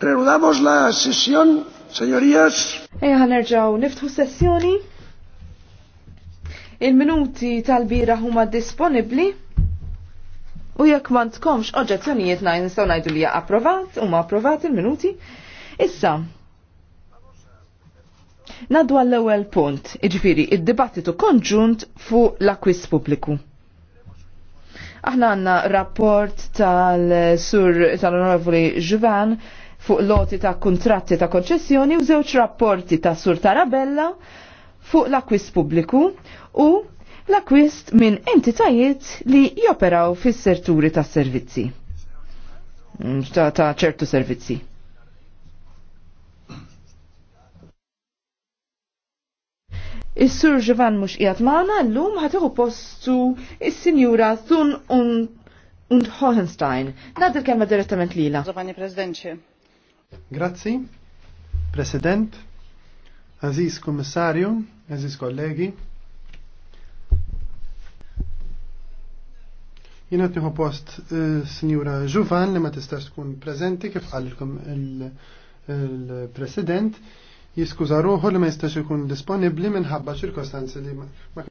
Renudamos la session, señorías. Eja ħanerġaw niftħu sessjoni. Il-minuti tal-bira huma disponibli. U jekk ma tkomx oġġezzjonijiet ngħid nistgħu ngħidu li approvat huma approvat il-minuti. Issa, Naddu l ewwel punt, iġifieri id-dibattitu konġunt fuq l-akwis pubbliku. Aħna għandna rapport tal-sur tal-onorevoli Juvan fuq loti ta' kontratti ta' konċessjoni u żewġ rapporti ta' Sur Tarabella fuq l-akwist pubbliku u l-akwist minn entitajiet li joperaw fis serturi ta' servizzi. Mm, ta', ta ċertu servizzi. Is-sur Ġivan mux qiegħed magħna llum ħatiħu postu is-Sinjura Thun und Hohenstein. Nad il-kelma direttament lila. Zobani Presidenti. Grazzi, President, Aziz Commissario, Aziz Kollegi. Jena tniħu post eh, Signora Ġuvan li ma tistax tkun prezenti kif għalkom il-President jiskuza ruħu li ma jistax ikun disponibli minħabba ċirkostanzi li ma